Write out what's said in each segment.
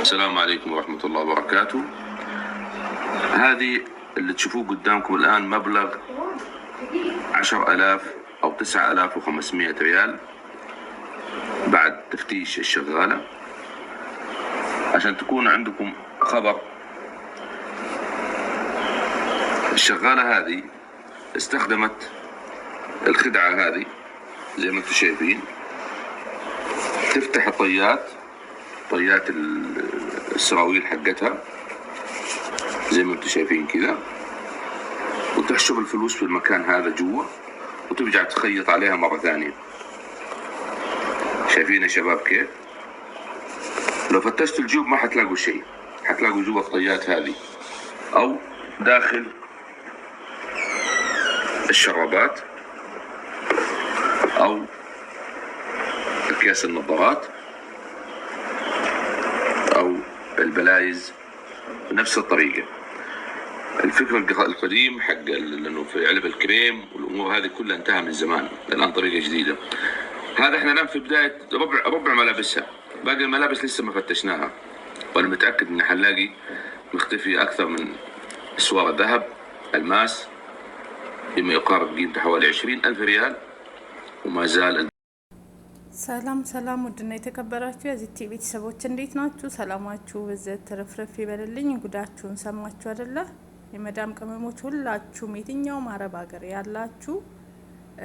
السلام عليكم ورحمة الله وبركاته هذه اللي تشوفوه قدامكم الآن مبلغ عشر ألاف أو تسعة ألاف وخمسمائة ريال بعد تفتيش الشغالة عشان تكون عندكم خبر الشغالة هذه استخدمت الخدعة هذه زي ما انتم شايفين تفتح الطيات طيات السراويل حقتها زي ما انتم شايفين كذا وتحشر الفلوس في المكان هذا جوا وترجع تخيط عليها مرة ثانية شايفين يا شباب كيف لو فتشت الجيوب ما حتلاقوا شيء حتلاقوا جوا الطيات هذه او داخل الشرابات او اكياس النظارات البلايز نفس الطريقه الفكر القديم حق انه في علب الكريم والامور هذه كلها انتهى من زمان الان طريقه جديده هذا احنا الان في بدايه ربع ربع ملابسها باقي الملابس لسه ما فتشناها وانا متاكد ان حنلاقي مختفي اكثر من اسوار الذهب الماس بما يقارب قيمته حوالي 20000 ريال وما زال ሰላም ሰላም፣ ውድና የተከበራችሁ የዚህ ቲቪ ቤተሰቦች እንዴት ናችሁ? ሰላማችሁ ብዘት ትርፍርፍ ይበልልኝ። ጉዳችሁን ሰማችሁ አይደለ? የመዳም ቅመሞች ሁላችሁም፣ የትኛውም አረብ ሀገር ያላችሁ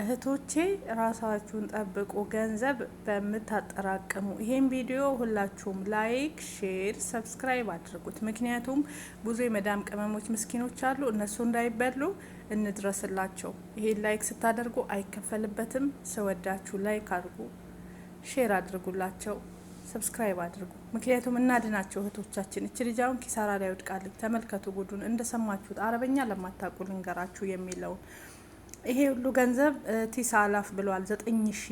እህቶቼ ራሳችሁን ጠብቁ፣ ገንዘብ በምታጠራቅሙ። ይሄን ቪዲዮ ሁላችሁም ላይክ፣ ሼር፣ ሰብስክራይብ አድርጉት። ምክንያቱም ብዙ የመዳም ቅመሞች ምስኪኖች አሉ፣ እነሱ እንዳይበሉ እንድረስላቸው። ይሄን ላይክ ስታደርጉ አይከፈልበትም። ስወዳችሁ ላይክ አድርጉ። ሼር አድርጉላቸው፣ ሰብስክራይብ አድርጉ። ምክንያቱም እናድናቸው እህቶቻችን። እች ልጅ አሁን ኪሳራ ላይ ወድቃለች። ተመልከቱ ጉዱን እንደሰማችሁት። አረበኛ ለማታውቁ ልንገራችሁ የሚለውን ይሄ ሁሉ ገንዘብ ቲሳ አላፍ ብለዋል። ዘጠኝ ሺ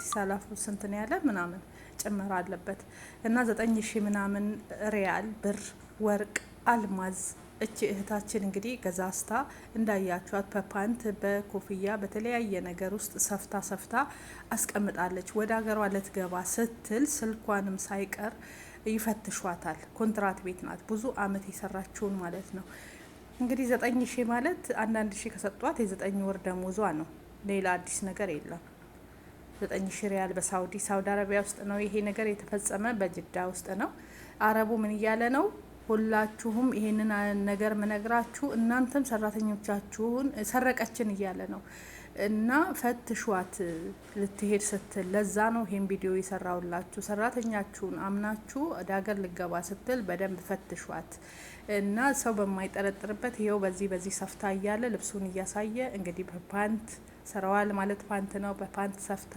ቲሳ አላፍ ስንት ነው ያለ ምናምን ጭምር አለበት እና ዘጠኝ ሺ ምናምን ሪያል ብር፣ ወርቅ፣ አልማዝ እች እህታችን እንግዲህ ገዛስታ እንዳያችኋት በፓንት በኮፍያ በተለያየ ነገር ውስጥ ሰፍታ ሰፍታ አስቀምጣለች። ወደ ሀገሯ ልትገባ ስትል ስልኳንም ሳይቀር ይፈትሿታል። ኮንትራት ቤት ናት፣ ብዙ አመት የሰራችውን ማለት ነው። እንግዲህ ዘጠኝ ሺህ ማለት አንዳንድ ሺህ ከሰጧት የዘጠኝ ወር ደሞዟ ነው። ሌላ አዲስ ነገር የለም። ዘጠኝ ሺህ ሪያል በሳውዲ ሳውዲ አረቢያ ውስጥ ነው ይሄ ነገር የተፈጸመ፣ በጅዳ ውስጥ ነው። አረቡ ምን እያለ ነው? ሁላችሁም ይሄንን ነገር ምነግራችሁ እናንተም ሰራተኞቻችሁን ሰረቀችን እያለ ነው እና ፈትሿት ልትሄድ ስትል ለዛ ነው ይሄን ቪዲዮ የሰራውላችሁ። ሰራተኛችሁን አምናችሁ ወደ ሀገር ልገባ ስትል በደንብ ፈትሿት እና ሰው በማይጠረጥርበት ይኸው በዚህ በዚህ ሰፍታ እያለ ልብሱን እያሳየ እንግዲህ በፓንት ሰረዋል ማለት ፓንት ነው። በፓንት ሰፍታ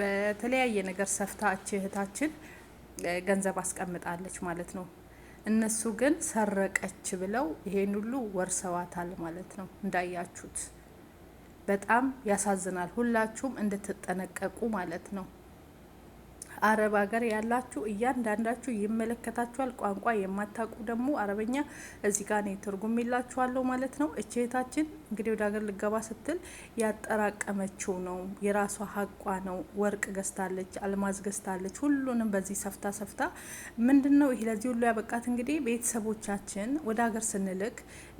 በተለያየ ነገር ሰፍታ እች እህታችን ገንዘብ አስቀምጣለች ማለት ነው። እነሱ ግን ሰረቀች ብለው ይሄን ሁሉ ወርሰዋታል ማለት ነው። እንዳያችሁት በጣም ያሳዝናል። ሁላችሁም እንድትጠነቀቁ ማለት ነው። አረብ ሀገር ያላችሁ እያንዳንዳችሁ ይመለከታችኋል። ቋንቋ የማታውቁ ደግሞ አረበኛ እዚህ ጋር ነው ትርጉም ይላችኋለሁ ማለት ነው። እቼታችን እንግዲህ ወደ ሀገር ልገባ ስትል ያጠራቀመችው ነው የራሷ ሀቋ ነው። ወርቅ ገዝታለች፣ አልማዝ ገዝታለች። ሁሉንም በዚህ ሰፍታ ሰፍታ ምንድን ነው ይህ ለዚህ ሁሉ ያበቃት እንግዲህ ቤተሰቦቻችን ወደ ሀገር ስንልክ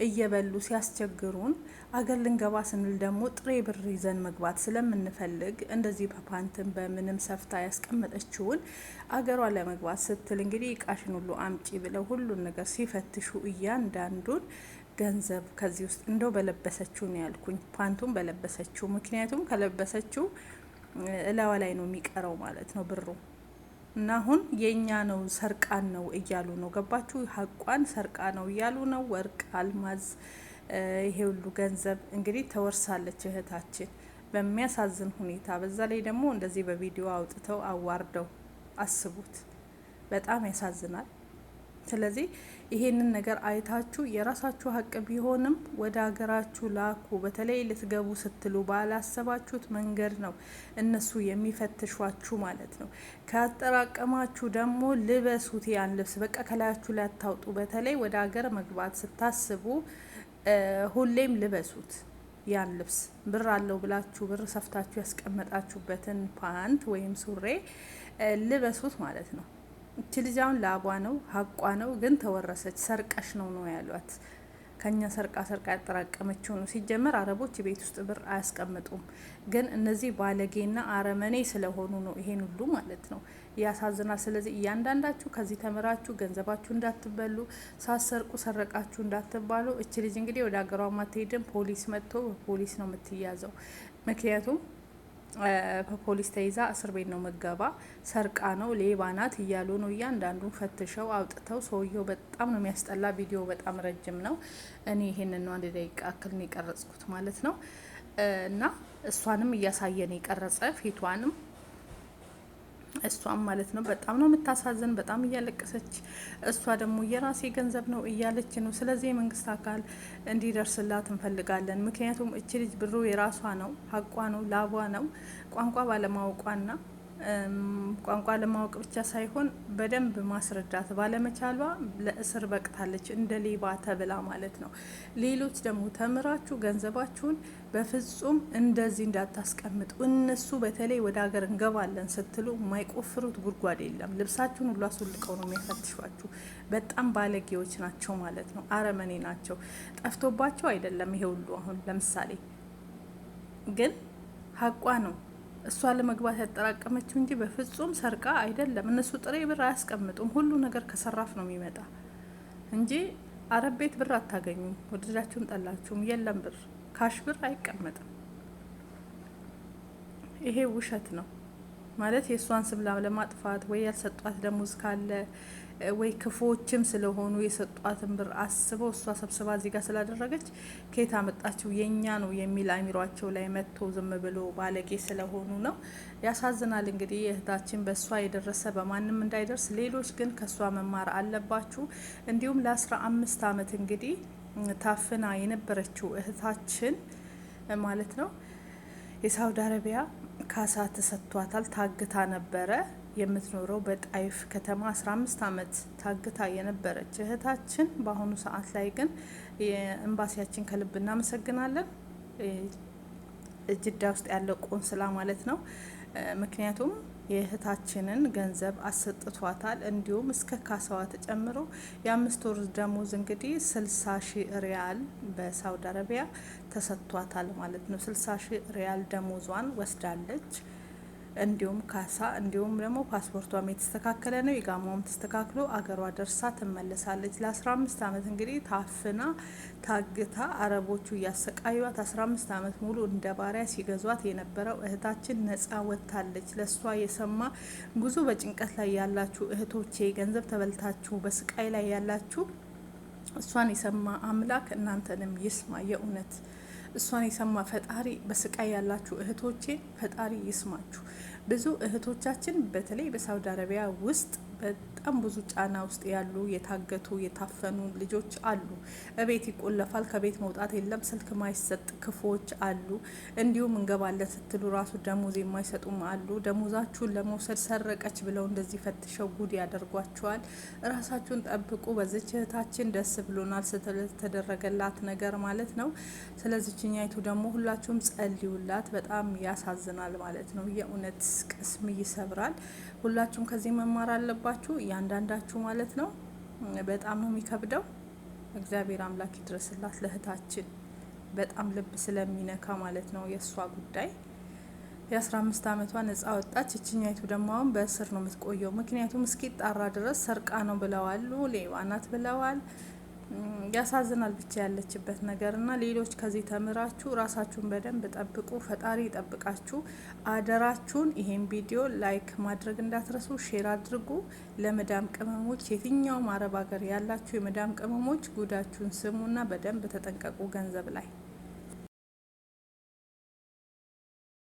እየበሉ ሲያስቸግሩን አገር ልንገባ ስንል ደግሞ ጥሬ ብር ይዘን መግባት ስለምንፈልግ እንደዚህ በፓንትን በምንም ሰፍታ ያስቀመጠች የያዘችውን አገሯ ለመግባት ስትል እንግዲህ እቃሽን ሁሉ አምጪ ብለው ሁሉን ነገር ሲፈትሹ እያንዳንዱን ገንዘብ ከዚህ ውስጥ እንደው በለበሰችው ነው ያልኩኝ፣ ፓንቱን በለበሰችው። ምክንያቱም ከለበሰችው እላዋ ላይ ነው የሚቀረው ማለት ነው ብሩ እና አሁን የእኛ ነው ሰርቃን ነው እያሉ ነው። ገባችሁ? ሀቋን ሰርቃ ነው እያሉ ነው። ወርቅ አልማዝ፣ ይሄ ሁሉ ገንዘብ እንግዲህ ተወርሳለች እህታችን። በሚያሳዝን ሁኔታ በዛ ላይ ደግሞ እንደዚህ በቪዲዮ አውጥተው አዋርደው አስቡት። በጣም ያሳዝናል። ስለዚህ ይሄንን ነገር አይታችሁ የራሳችሁ ሀቅ ቢሆንም ወደ ሀገራችሁ ላኩ። በተለይ ልትገቡ ስትሉ ባላሰባችሁት መንገድ ነው እነሱ የሚፈትሿችሁ ማለት ነው። ካጠራቀማችሁ ደግሞ ልበሱት ያን ልብስ፣ በቃ ከላያችሁ ላታውጡ። በተለይ ወደ ሀገር መግባት ስታስቡ ሁሌም ልበሱት። ያን ልብስ ብር አለው ብላችሁ ብር ሰፍታችሁ ያስቀመጣችሁበትን ፓንት ወይም ሱሬ ልበሱት ማለት ነው። እቺ ልጅ አሁን ለአቧ ነው ሀቋ ነው፣ ግን ተወረሰች። ሰርቀሽ ነው ነው ያሏት። ከኛ ሰርቃ ሰርቃ ያጠራቀመችው ነው። ሲጀመር አረቦች ቤት ውስጥ ብር አያስቀምጡም፣ ግን እነዚህ ባለጌና አረመኔ ስለሆኑ ነው ይሄን ሁሉ ማለት ነው ያሳዝናል። ስለዚህ እያንዳንዳችሁ ከዚህ ተምራችሁ ገንዘባችሁ እንዳትበሉ፣ ሳሰርቁ ሰረቃችሁ እንዳትባሉ። እች ልጅ እንግዲህ ወደ ሀገሯ ማትሄድም፣ ፖሊስ መጥቶ በፖሊስ ነው የምትያዘው። ምክንያቱም በፖሊስ ተይዛ እስር ቤት ነው መገባ። ሰርቃ ነው ሌባ ናት እያሉ ነው እያንዳንዱን ፈትሸው አውጥተው። ሰውየው በጣም ነው የሚያስጠላ። ቪዲዮ በጣም ረጅም ነው። እኔ ይሄንን ነው አንድ ደቂቃ ክል ነው የቀረጽኩት ማለት ነው። እና እሷንም እያሳየን የቀረጸ ፊቷንም እሷም ማለት ነው በጣም ነው የምታሳዝን፣ በጣም እያለቀሰች እሷ ደግሞ የራሴ ገንዘብ ነው እያለች ነው። ስለዚህ የመንግስት አካል እንዲደርስላት እንፈልጋለን። ምክንያቱም እች ልጅ ብሩ የራሷ ነው፣ ሀቋ ነው፣ ላቧ ነው ቋንቋ ባለማወቋና ቋንቋ ለማወቅ ብቻ ሳይሆን በደንብ ማስረዳት ባለመቻሏ ለእስር በቅታለች፣ እንደ ሌባ ተብላ ማለት ነው። ሌሎች ደግሞ ተምራችሁ ገንዘባችሁን በፍጹም እንደዚህ እንዳታስቀምጡ። እነሱ በተለይ ወደ ሀገር እንገባለን ስትሉ የማይቆፍሩት ጉድጓድ የለም። ልብሳችሁን ሁሉ አስወልቀው ነው የሚያፈትሿችሁ። በጣም ባለጌዎች ናቸው ማለት ነው። አረመኔ ናቸው። ጠፍቶባቸው አይደለም ይሄ ሁሉ አሁን ለምሳሌ ግን ሀቋ ነው እሷ ለመግባት ያጠራቀመችው እንጂ በፍጹም ሰርቃ አይደለም። እነሱ ጥሬ ብር አያስቀምጡም። ሁሉ ነገር ከሰራፍ ነው የሚመጣ እንጂ አረብ ቤት ብር አታገኙም። ወደዳችሁም ጠላችሁም የለም ብር፣ ካሽ ብር አይቀመጥም። ይሄ ውሸት ነው ማለት የእሷን ስም ለማጥፋት ወይ ያልሰጧት ደሞዝ ካለ ወይ ክፎችም ስለሆኑ የሰጧትን ብር አስበው እሷ ሰብስባ እዚህ ጋር ስላደረገች ከየት አመጣችው የእኛ ነው የሚል አሚሯቸው ላይ መጥቶ ዝም ብሎ ባለጌ ስለሆኑ ነው። ያሳዝናል። እንግዲህ እህታችን በእሷ የደረሰ በማንም እንዳይደርስ፣ ሌሎች ግን ከእሷ መማር አለባችሁ። እንዲሁም ለአስራ አምስት አመት እንግዲህ ታፍና የነበረችው እህታችን ማለት ነው የሳውዲ አረቢያ ካሳ ተሰጥቷታል። ታግታ ነበረ የምትኖረው በጣይፍ ከተማ 15 አመት ታግታ የነበረች እህታችን በአሁኑ ሰዓት ላይ ግን ኤምባሲያችን ከልብ እናመሰግናለን፣ ጅዳ ውስጥ ያለው ቆንስላ ማለት ነው። ምክንያቱም የእህታችንን ገንዘብ አሰጥቷታል። እንዲሁም እስከ ካሳዋ ተጨምሮ የአምስት ወር ደሞዝ እንግዲህ ስልሳ ሺህ ሪያል በሳውዲ አረቢያ ተሰጥቷታል ማለት ነው። ስልሳ ሺህ ሪያል ደሞዟን ወስዳለች። እንዲሁም ካሳ እንዲሁም ደግሞ ፓስፖርቷም የተስተካከለ ነው። የጋማውም ተስተካክሎ አገሯ ደርሳ ትመለሳለች። ለ15 ዓመት እንግዲህ ታፍና ታግታ አረቦቹ እያሰቃዩት 15 ዓመት ሙሉ እንደ ባሪያ ሲገዟት የነበረው እህታችን ነፃ ወጥታለች። ለእሷ የሰማ ጉዞ በጭንቀት ላይ ያላችሁ እህቶቼ፣ ገንዘብ ተበልታችሁ በስቃይ ላይ ያላችሁ እሷን የሰማ አምላክ እናንተንም ይስማ የእውነት እሷን የሰማ ፈጣሪ በስቃይ ያላችሁ እህቶቼ ፈጣሪ ይስማችሁ። ብዙ እህቶቻችን በተለይ በሳውዲ አረቢያ ውስጥ በጣም ብዙ ጫና ውስጥ ያሉ የታገቱ የታፈኑ ልጆች አሉ። እቤት ይቆለፋል፣ ከቤት መውጣት የለም፣ ስልክ ማይሰጥ ክፎች አሉ። እንዲሁም እንገባለን ስትሉ ራሱ ደሞዝ የማይሰጡም አሉ። ደሞዛችሁን ለመውሰድ ሰረቀች ብለው እንደዚህ ፈትሸው ጉድ ያደርጓቸዋል። ራሳችሁን ጠብቁ። በዚች እህታችን ደስ ብሎናል ስለተደረገላት ነገር ማለት ነው። ስለዚችኛይቱ ደግሞ ሁላችሁም ጸልዩላት። በጣም ያሳዝናል ማለት ነው። የእውነት ቅስም ይሰብራል። ሁላችሁም ከዚህ መማር አለባ አለባችሁ እያንዳንዳችሁ ማለት ነው። በጣም ነው የሚከብደው። እግዚአብሔር አምላክ ይድረስላት ለእህታችን በጣም ልብ ስለሚነካ ማለት ነው የእሷ ጉዳይ። የአስራ አምስት አመቷ ነጻ ወጣች። እችኛይቱ ደግሞ አሁን በእስር ነው የምትቆየው። ምክንያቱም እስኪጣራ ድረስ ሰርቃ ነው ብለዋል፣ ሌባ ናት ብለዋል። ያሳዝናል ብቻ ያለችበት ነገር እና ሌሎች ከዚህ ተምራችሁ ራሳችሁን በደንብ ጠብቁ። ፈጣሪ ይጠብቃችሁ። አደራችሁን ይሄን ቪዲዮ ላይክ ማድረግ እንዳትረሱ፣ ሼር አድርጉ። ለመዳም ቅመሞች የትኛውም አረብ ሀገር ያላችሁ የመዳም ቅመሞች ጉዳችሁን ስሙና በደንብ ተጠንቀቁ ገንዘብ ላይ